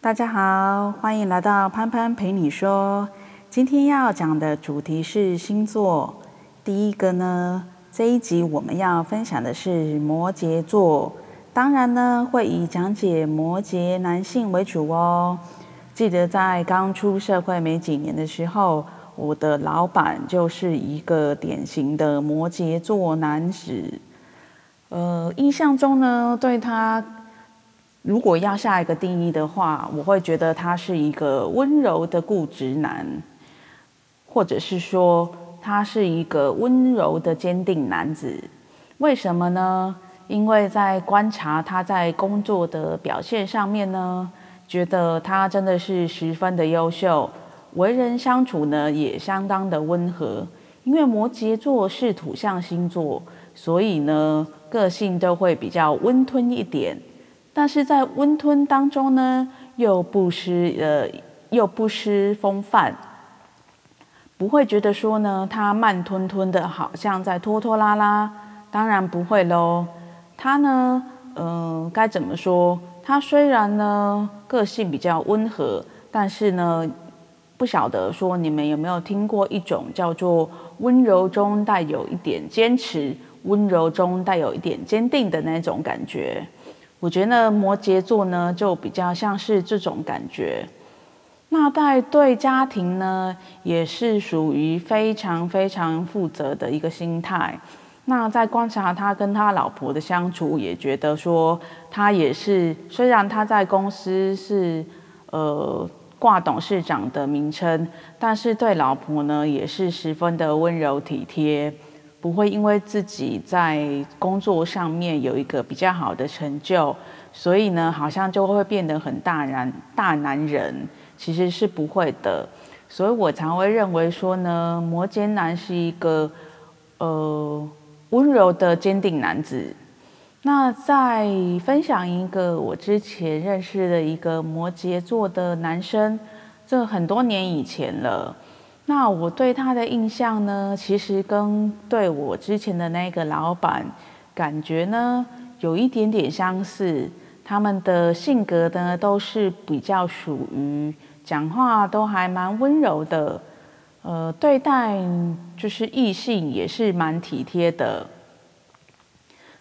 大家好，歡迎來到潘潘陪你說。今天要講的主題是星座，第一個呢，這一集我們要分享的是摩羯座。當然呢，會以講解摩羯男性為主哦。記得在剛出社會沒幾年的時候，我的老闆就是一個典型的摩羯座男子。呃，印象中呢，對他，如果要下一個定義的話，我會覺得他是一個溫柔的固執男，或者是說他是一個溫柔的堅定男子。為什麼呢？因為在觀察他在工作的表現上面呢，覺得他真的是十分的優秀，為人相處呢也相當的溫和。因為摩羯座是土象星座，所以呢個性都會比較溫吞一點。但是在溫吞當中呢，又不失呃，又不失風範，不會覺得說呢，他慢吞吞的，好像在拖拖拉拉。當然不會咯，他呢，呃，該怎麼說？他雖然呢個性比較溫和，但是呢，不曉得說你們有沒有聽過一種叫做溫柔中帶有一點堅持，溫柔中帶有一點堅定的那種感覺。我覺得摩羯座呢，就比較像是這種感覺。那在對家庭呢，也是屬於非常非常負責的一個心態。那在觀察他跟他老婆的相處，也覺得說他也是，雖然他在公司是呃掛董事長的名稱，但是對老婆呢，也是十分的溫柔體貼。不會因為自己在工作上面有一個比較好的成就，所以呢，好像就會變得很大然，大男人，其實是不會的。所以我常會認為說呢，摩羯男是一個呃溫柔的堅定男子。那再分享一個我之前認識的一個摩羯座的男生，這很多年以前了。那我對他的印象呢，其實跟對我之前的那個老板感覺呢有一點點相似。他們的性格呢都是比較屬於講話都還蠻溫柔的，呃，對待就是異性也是蠻體貼的。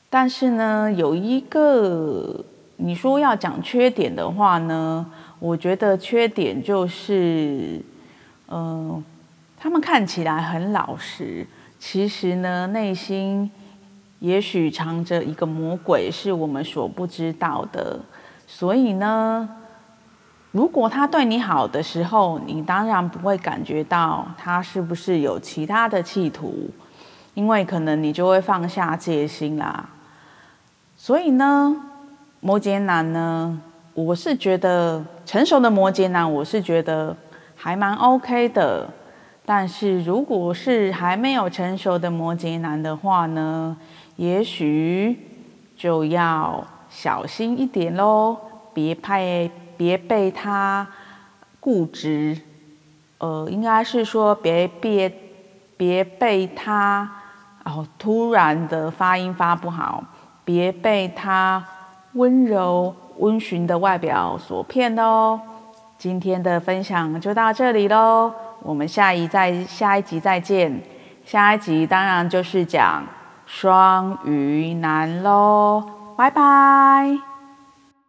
但是呢，有一個你說要講缺點的話呢，我覺得缺點就是，嗯、呃。他們看起來很老實，其實呢，內心也許藏着一個魔鬼，是我們所不知道的。所以呢，如果他對你好的時候，你當然不會感覺到他是不是有其他的企圖，因為可能你就會放下戒心啦。所以呢，魔羯男呢，我是覺得成熟的魔羯男，我是覺得還蠻 OK 的。但是，如果是還沒有成熟的摩羯男的話呢，也許就要小心一點嘍，別怕，別被他固執，呃，應該是說別別別被他、哦、突然的發音發不好，別被他溫柔溫馴的外表所騙嘍。今天的分享就到這裡嘍。我們下一再下一集再見，下一集當然就是講雙魚男嘍，拜拜。